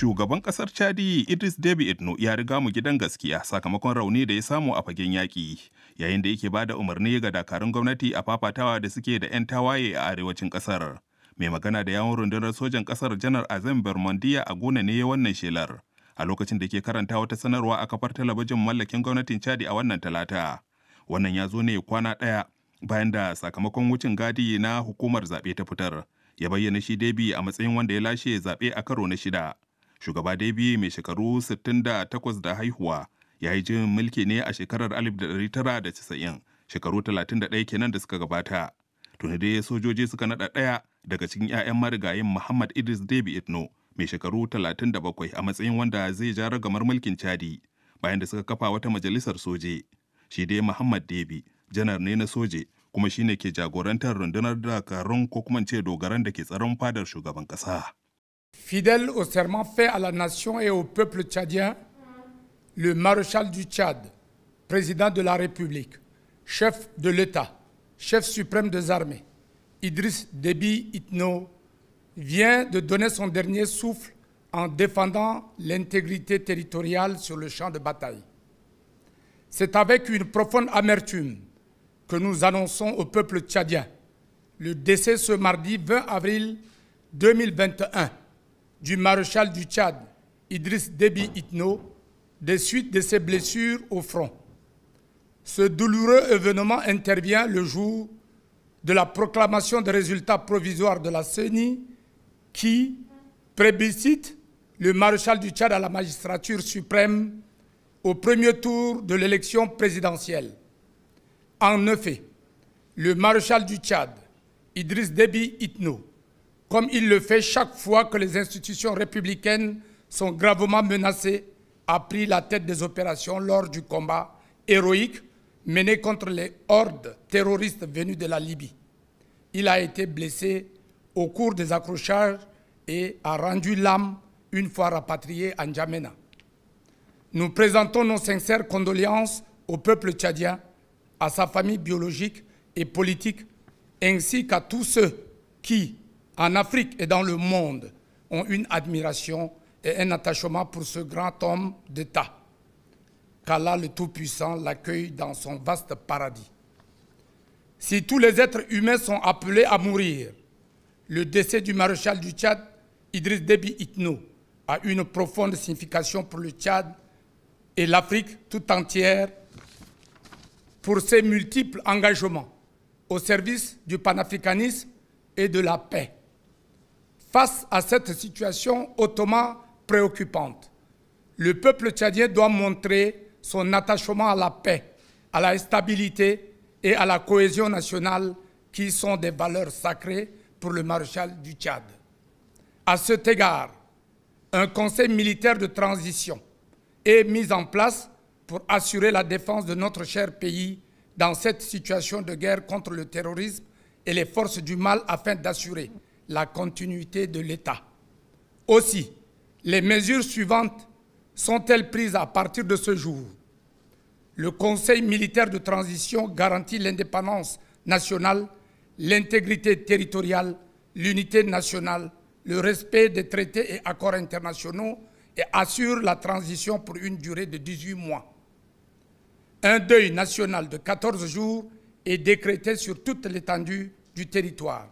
shugaban kasar chadi idris debi etno ya riga mu gidan gaskiya sakamakon rauni da ya samu a fagen yaƙi yayin da yake ba da umarni ga dakarun gwamnati a fafatawa da suke da 'yan tawaye a arewacin kasar mai magana da yawon rundunar sojan kasar janar azam bermondiya a gona ne wannan shelar a lokacin da ke karanta wata sanarwa a kafar talabijin mallakin gwamnatin chadi a wannan talata wannan ya zo ne kwana ɗaya bayan da sakamakon wucin gadi na hukumar zaɓe ta fitar ya bayyana shi debi a matsayin wanda ya lashe zaɓe a karo na shida Shugaba Debi mai shekaru 68 da haihuwa ya yi jin mulki ne a shekarar 1990 shekaru 31 kenan da suka gabata. Tuni dai sojoji suka naɗa ɗaya daga cikin 'ya'yan marigayin Muhammad Idris Debi Itno mai shekaru 37 a matsayin wanda zai ja ragamar mulkin Chadi bayan da suka kafa wata majalisar soje. Shi dai Muhammad Debi janar ne na soje kuma shine ke jagorantar rundunar dakarun ko kuma ce dogaran da ke tsaron fadar shugaban ƙasa. Fidèle au serment fait à la nation et au peuple tchadien, le maréchal du Tchad, président de la République, chef de l'État, chef suprême des armées, Idriss Déby Itno, vient de donner son dernier souffle en défendant l'intégrité territoriale sur le champ de bataille. C'est avec une profonde amertume que nous annonçons au peuple tchadien le décès ce mardi 20 avril 2021 du maréchal du Tchad, Idriss Déby Itno, des suites de ses blessures au front. Ce douloureux événement intervient le jour de la proclamation des résultats provisoires de la CENI qui prébiscite le maréchal du Tchad à la magistrature suprême au premier tour de l'élection présidentielle. En effet, le maréchal du Tchad, Idriss Déby Itno, comme il le fait chaque fois que les institutions républicaines sont gravement menacées, a pris la tête des opérations lors du combat héroïque mené contre les hordes terroristes venues de la Libye. Il a été blessé au cours des accrochages et a rendu l'âme une fois rapatrié à N'Djamena. Nous présentons nos sincères condoléances au peuple tchadien, à sa famille biologique et politique, ainsi qu'à tous ceux qui, en Afrique et dans le monde ont une admiration et un attachement pour ce grand homme d'État. Qu'Allah le Tout-Puissant l'accueille dans son vaste paradis. Si tous les êtres humains sont appelés à mourir, le décès du maréchal du Tchad, Idriss Déby Itno, a une profonde signification pour le Tchad et l'Afrique tout entière pour ses multiples engagements au service du panafricanisme et de la paix. Face à cette situation hautement préoccupante, le peuple tchadien doit montrer son attachement à la paix, à la stabilité et à la cohésion nationale qui sont des valeurs sacrées pour le maréchal du Tchad. À cet égard, un conseil militaire de transition est mis en place pour assurer la défense de notre cher pays dans cette situation de guerre contre le terrorisme et les forces du mal afin d'assurer la continuité de l'État. Aussi, les mesures suivantes sont-elles prises à partir de ce jour Le Conseil militaire de transition garantit l'indépendance nationale, l'intégrité territoriale, l'unité nationale, le respect des traités et accords internationaux et assure la transition pour une durée de 18 mois. Un deuil national de 14 jours est décrété sur toute l'étendue du territoire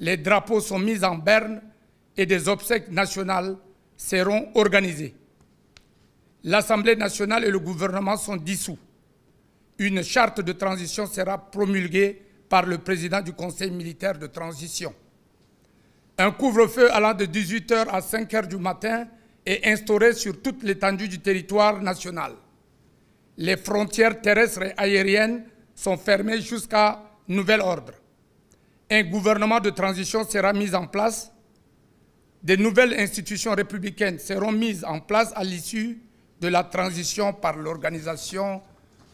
les drapeaux sont mis en berne et des obsèques nationales seront organisées. L'Assemblée nationale et le gouvernement sont dissous. Une charte de transition sera promulguée par le président du Conseil militaire de transition. Un couvre-feu allant de 18h à 5h du matin est instauré sur toute l'étendue du territoire national. Les frontières terrestres et aériennes sont fermées jusqu'à nouvel ordre un gouvernement de transition sera mis en place, des nouvelles institutions républicaines seront mises en place à l'issue de la transition par l'organisation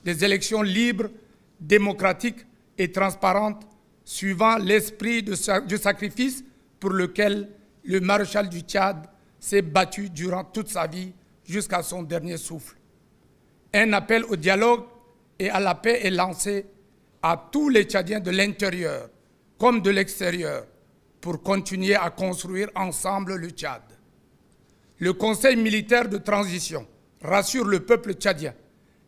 des élections libres, démocratiques et transparentes, suivant l'esprit de, du sacrifice pour lequel le maréchal du Tchad s'est battu durant toute sa vie jusqu'à son dernier souffle. Un appel au dialogue et à la paix est lancé à tous les Tchadiens de l'intérieur comme de l'extérieur pour continuer à construire ensemble le Tchad. Le Conseil militaire de transition rassure le peuple tchadien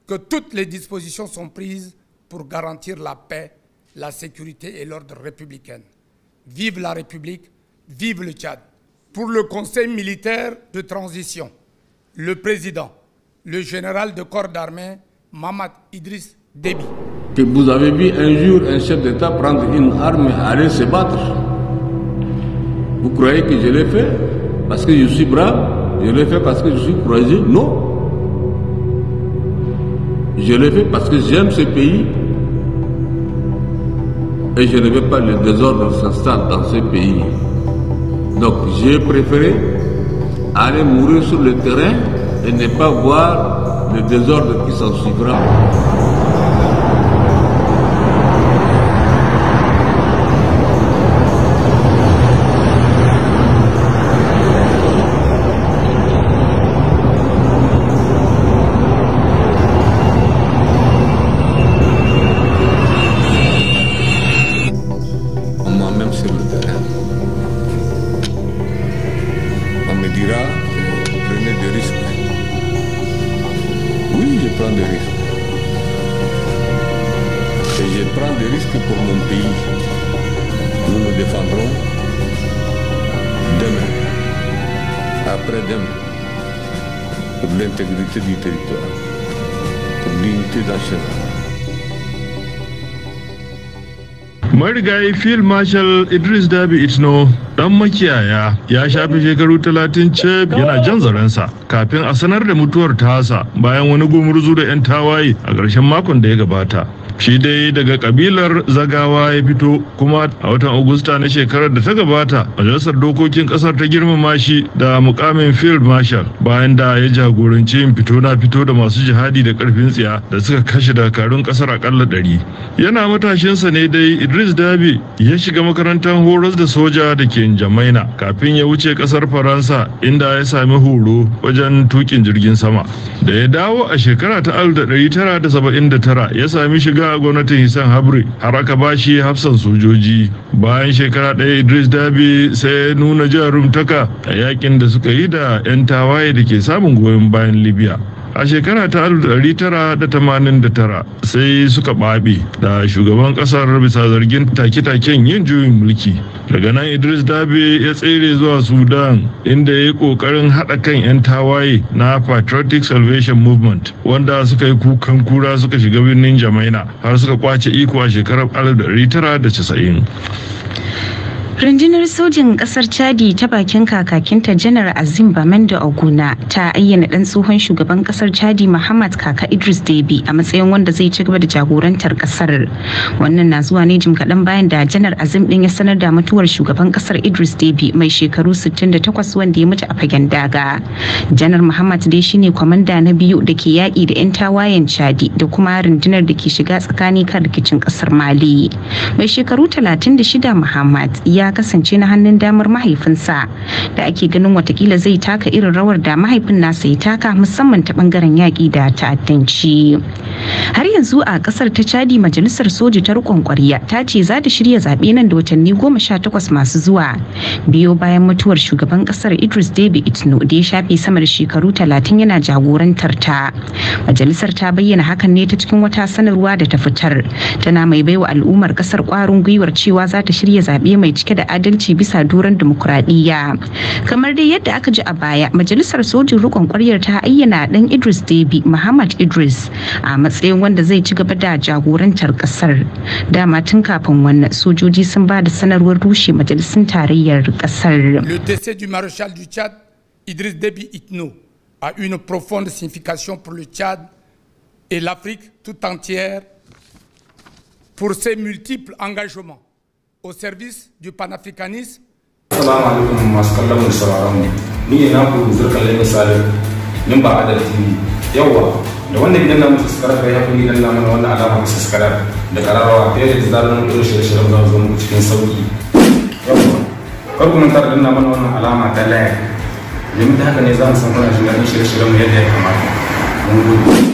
que toutes les dispositions sont prises pour garantir la paix, la sécurité et l'ordre républicain. Vive la République, vive le Tchad. Pour le Conseil militaire de transition, le président, le général de corps d'armée, Mamad Idriss Déby que vous avez vu un jour un chef d'État prendre une arme et aller se battre. Vous croyez que je l'ai fait parce que je suis brave Je l'ai fait parce que je suis courageux Non. Je l'ai fait parce que j'aime ce pays et je ne veux pas le désordre s'installe dans ce pays. Donc j'ai préféré aller mourir sur le terrain et ne pas voir le désordre qui s'en suivra. prends des risques. Et je prends des risques pour mon pays. Nous nous défendrons demain, après-demain, pour l'intégrité du territoire, pour l'unité nationale. marigayi field marshal idris dabi itno dan makiyaya ya shafe shekaru talatin ce yana jan zarensa kafin a sanar da mutuwar tasa bayan wani gumurzu da 'yan tawaye a ƙarshen makon da ya gabata shi dai daga kabilar zagawa ya fito kuma a watan agusta na shekarar da ta gabata majalisar dokokin kasar ta girmama shi da mukamin field marshal bayan da ya jagoranci yin fito na fito da masu jihadi da karfin tsiya da suka kashe dakarun kasar akalla ɗari yana matashinsa ne dai idris dabi ya shiga makarantar horas da soja da ke jamaina kafin ya wuce kasar faransa inda ya sami horo wajen tukin jirgin sama da ya dawo a shekara ta 1979 ya sami shiga shiga gwamnatin hisan habri har aka bashi hafsan sojoji bayan shekara ɗaya idris dabi sai ya nuna jarumtaka a yakin da suka yi da 'yan tawaye da ke samun goyon bayan libya a shekara ta 1989 sai suka ɓaɓe da shugaban ƙasar bisa zargin take-taken yin juyin mulki daga nan idris dabe ya tsere zuwa sudan inda ya yi ƙoƙarin haɗa kan 'yan tawaye na patriotic salvation movement wanda suka yi kukan kura suka shiga birnin jamaina har suka kwace iko a shekarar 1990 rundunar sojin kasar chadi ta bakin kakakinta janar azim bamanda oguna ta ayyana dan tsohon shugaban kasar chadi muhammad kaka idris debi a matsayin wanda zai ci gaba da jagorantar kasar wannan na zuwa ne jim kaɗan bayan da janar azim din ya sanar da mutuwar shugaban kasar idris debi mai shekaru 68 wanda ya mutu a fagen daga janar muhammad dai shine kwamanda na biyu da ke yaƙi da 'yan tawayen chadi da kuma rundunar da ke shiga tsakani kan rikicin kasar mali mai shekaru 36 muhammad ya ya kasance na hannun damar mahaifinsa da ake ganin watakila zai taka irin rawar da mahaifin nasa ya taka musamman ta bangaren yaƙi da ta'addanci. har yanzu a kasar ta chadi majalisar soji ta rikon kwariya ta ce za ta shirya zaɓe nan da watanni goma sha takwas masu zuwa biyo bayan mutuwar shugaban kasar idris debi itno da ya shafe sama da shekaru talatin yana jagorantar ta majalisar ta bayyana hakan ne ta cikin wata sanarwa da ta fitar tana mai baiwa al'ummar kasar kwarin gwiwar cewa za ta shirya zaɓe mai cike da adalci bisa doron dimokuraɗiyya kamar dai yadda aka ji a baya majalisar sojin rikon kwaryar ta ayyana dan idris debi muhammad idris a tsaye wanda zai ci gaba da jagorantar kasar dama tun kafin wannan sojoji sun ba da sanarwar rushe majalisun tarayyar kasar le décès du maréchal du Tchad Idriss Déby Itno a une profonde signification pour le Tchad et l'Afrique tout entière pour ses multiples engagements au service du panafricanisme Assalamu alaikum masu kallon sauraron Ni ne na ku zurkan lai misali. Nin ba adalci yawa da wanda gidan namu subscribe kai hakuri gidan namu wannan alama na subscribe da kararrawa ta yadda zarar irin shirye-shiryen za su zo cikin sauki kar ku manta da mana wannan alama ta like domin ta haka ne za mu san kuna shiga shirye-shiryen mu yadda ya kamata mun gode